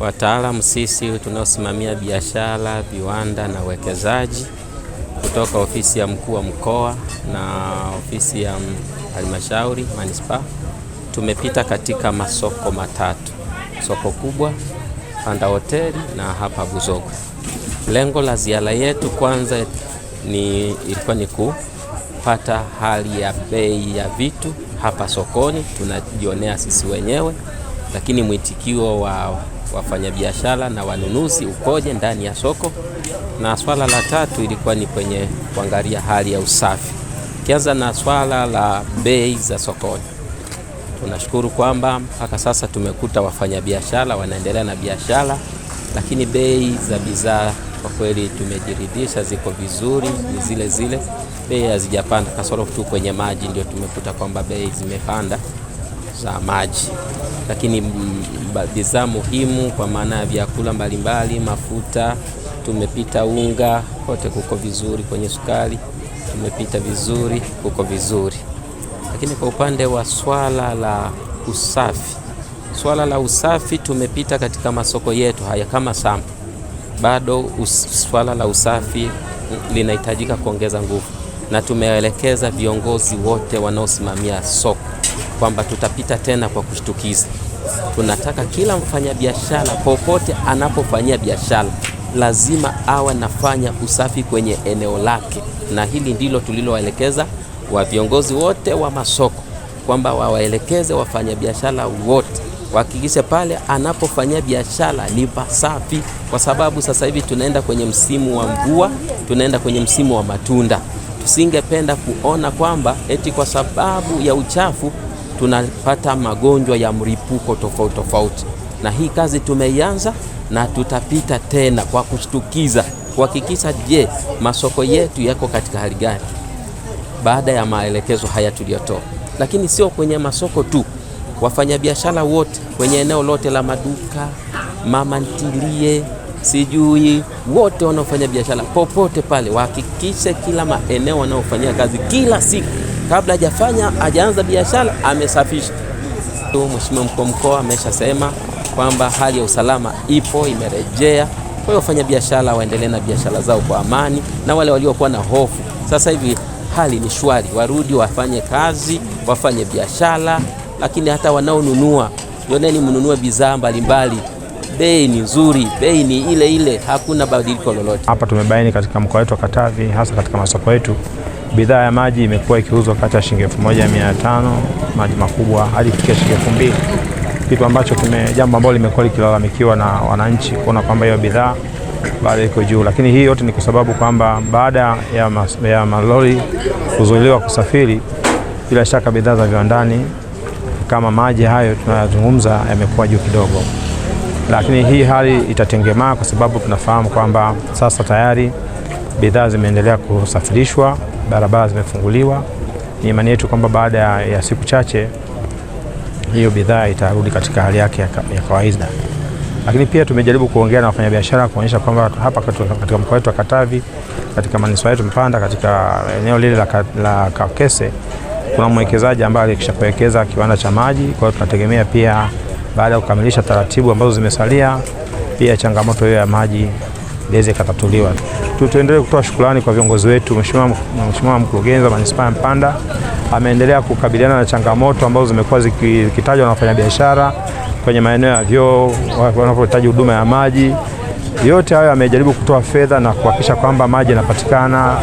wataalamu sisi tunaosimamia biashara, viwanda na uwekezaji kutoka ofisi ya mkuu wa mkoa na ofisi ya halmashauri manispaa, tumepita katika masoko matatu, soko kubwa, Panda Hoteli na hapa Buzogwe. Lengo la ziara yetu kwanza ni ilikuwa ni kupata hali ya bei ya vitu hapa sokoni, tunajionea sisi wenyewe, lakini mwitikio wa wafanyabiashara na wanunuzi ukoje ndani ya soko, na swala la tatu ilikuwa ni kwenye kuangalia hali ya usafi. Ukianza na swala la bei za sokoni, tunashukuru kwamba mpaka sasa tumekuta wafanyabiashara wanaendelea na biashara, lakini bei za bidhaa kwa kweli tumejiridhisha ziko vizuri, ni zile zile, bei hazijapanda, kasoro tu kwenye maji ndio tumekuta kwamba bei zimepanda za maji, lakini mm, bidhaa muhimu kwa maana ya vyakula mbalimbali, mafuta tumepita, unga kote kuko vizuri, kwenye sukari tumepita vizuri, kuko vizuri. Lakini kwa upande wa swala la usafi, swala la usafi tumepita katika masoko yetu haya kama sampo, bado swala la usafi linahitajika kuongeza nguvu, na tumeelekeza viongozi wote wanaosimamia soko kwamba tutapita tena kwa kushtukiza tunataka kila mfanyabiashara popote anapofanyia biashara lazima awe nafanya usafi kwenye eneo lake, na hili ndilo tulilowaelekeza wa viongozi wote wa masoko kwamba wawaelekeze wafanyabiashara wote wahakikishe pale anapofanyia biashara ni pasafi, kwa sababu sasa hivi tunaenda kwenye msimu wa mvua, tunaenda kwenye msimu wa matunda. Tusingependa kuona kwamba eti kwa sababu ya uchafu tunapata magonjwa ya mlipuko tofauti tofauti, na hii kazi tumeianza na tutapita tena kwa kushtukiza kuhakikisha, je, masoko yetu yako katika hali gani baada ya maelekezo haya tuliyotoa. Lakini sio kwenye masoko tu, wafanyabiashara wote kwenye eneo lote la maduka, mama ntilie, sijui wote wanaofanya biashara popote pale, wahakikishe kila maeneo wanaofanyia kazi kila siku kabla hajafanya hajaanza biashara amesafisha. Mheshimiwa mkuu wa mkoa ameshasema kwamba hali ya usalama ipo imerejea, kwa hiyo biashara waendelee na biashara zao kwa amani, na wale waliokuwa na hofu sasa hivi hali ni shwari, warudi wafanye kazi, wafanye biashara. Lakini hata wanaonunua, yoneni mnunue bidhaa mbalimbali, bei ni nzuri, bei ni ile ile, hakuna badiliko lolote. Hapa tumebaini katika mkoa wetu wa Katavi, hasa katika masoko yetu bidhaa ya maji imekuwa ikiuzwa kati ya shilingi elfu moja mia tano maji makubwa hadi kufikia shilingi elfu mbili kitu ambacho jambo ambalo limekuwa likilalamikiwa na wananchi kuona kwamba hiyo bidhaa bado iko juu, lakini hii yote ni kwa sababu kwamba baada ya, mas, ya malori kuzuiliwa kusafiri, bila shaka bidhaa za viwandani kama maji hayo tunayozungumza yamekuwa juu kidogo, lakini hii hali itatengemaa, kwa sababu tunafahamu kwamba sasa tayari bidhaa zimeendelea kusafirishwa barabara zimefunguliwa. Ni imani yetu kwamba baada ya siku chache hiyo bidhaa itarudi katika hali yake ya kawaida. Lakini pia tumejaribu kuongea na wafanyabiashara kuonyesha kwamba hapa katika mkoa wetu wa Katavi, katika manispaa yetu Mpanda, katika eneo lile la, la Kakese kuna mwekezaji ambaye alishapowekeza kiwanda cha maji. Kwa hiyo tunategemea pia baada ya kukamilisha taratibu ambazo zimesalia, pia changamoto hiyo ya maji iweze ikatatuliwa tuendelee kutoa shukrani kwa viongozi wetu. Mheshimiwa mkurugenzi wa manispaa ya Mpanda ameendelea kukabiliana na changamoto ambazo zimekuwa zikitajwa na wafanyabiashara kwenye maeneo ya vyoo wanapohitaji huduma ya maji. Yote hayo amejaribu kutoa fedha na kuhakikisha kwamba maji yanapatikana,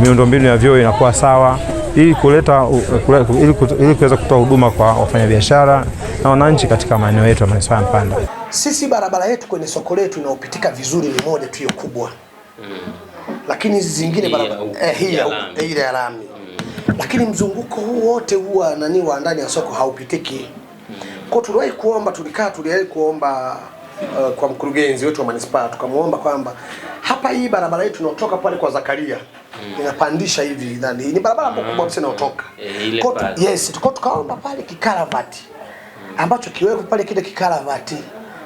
miundombinu ya vyoo inakuwa sawa ili kuleta ili kuweza kutoa huduma kwa wafanyabiashara na wananchi katika maeneo yetu ya manispaa ya Mpanda. Sisi barabara yetu kwenye soko letu inaopitika vizuri ni moja tu kubwa lakini hizi zingine hii ile ya lami eh, mm. lakini mzunguko huu wote huwa nani wa ndani ya soko haupitiki mm. kwa tuliwahi kuomba, tulikaa tuliwahi kuomba uh, kwa mkurugenzi wetu wa manispaa tukamwomba kwamba hapa hii barabara yetu tunaotoka pale kwa Zakaria mm. inapandisha hivi ndani ni barabara ambayo kubwa sana inaotoka mm. eh, kwa yes, tuko tukaomba pale kikaravati ambacho kiwepo pale kile kikaravati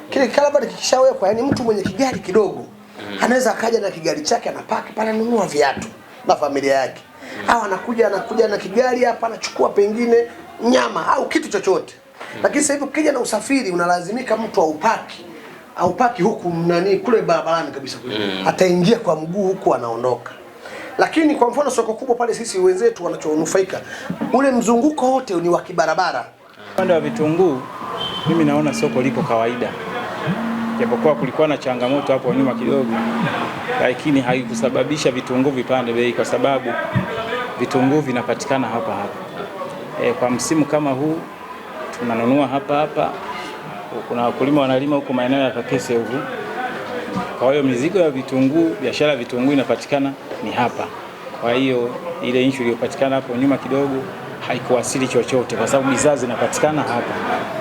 kile kikaravati kikishawekwa, yani mtu mwenye kigari kidogo mm. anaweza akaja na kigari chake anapaki pale, anunua viatu na familia yake mm. au anakuja anakuja na kigari hapa anachukua pengine nyama au kitu chochote mm. Lakini sasa hivi ukija na usafiri unalazimika mtu aupaki aupaki huku nani kule barabarani kabisa kule mm. ataingia kwa mguu huku anaondoka. Lakini kwa mfano soko kubwa pale, sisi wenzetu wanachonufaika ule mzunguko wote ni wa kibarabara. Upande wa vitunguu, mimi naona soko liko kawaida japokuwa kulikuwa na changamoto hapo nyuma kidogo, lakini haikusababisha vitunguu vipande bei, kwa sababu vitunguu vinapatikana hapa hapa. E, kwa msimu kama huu tunanunua hapa hapa. Kuna wakulima wanalima huko maeneo ya Kakese huku, kwa hiyo mizigo ya vitunguu, biashara ya vitunguu inapatikana ni hapa. Kwa hiyo ile issue iliyopatikana hapo nyuma kidogo haikuwasili chochote, kwa sababu bidhaa zinapatikana hapa.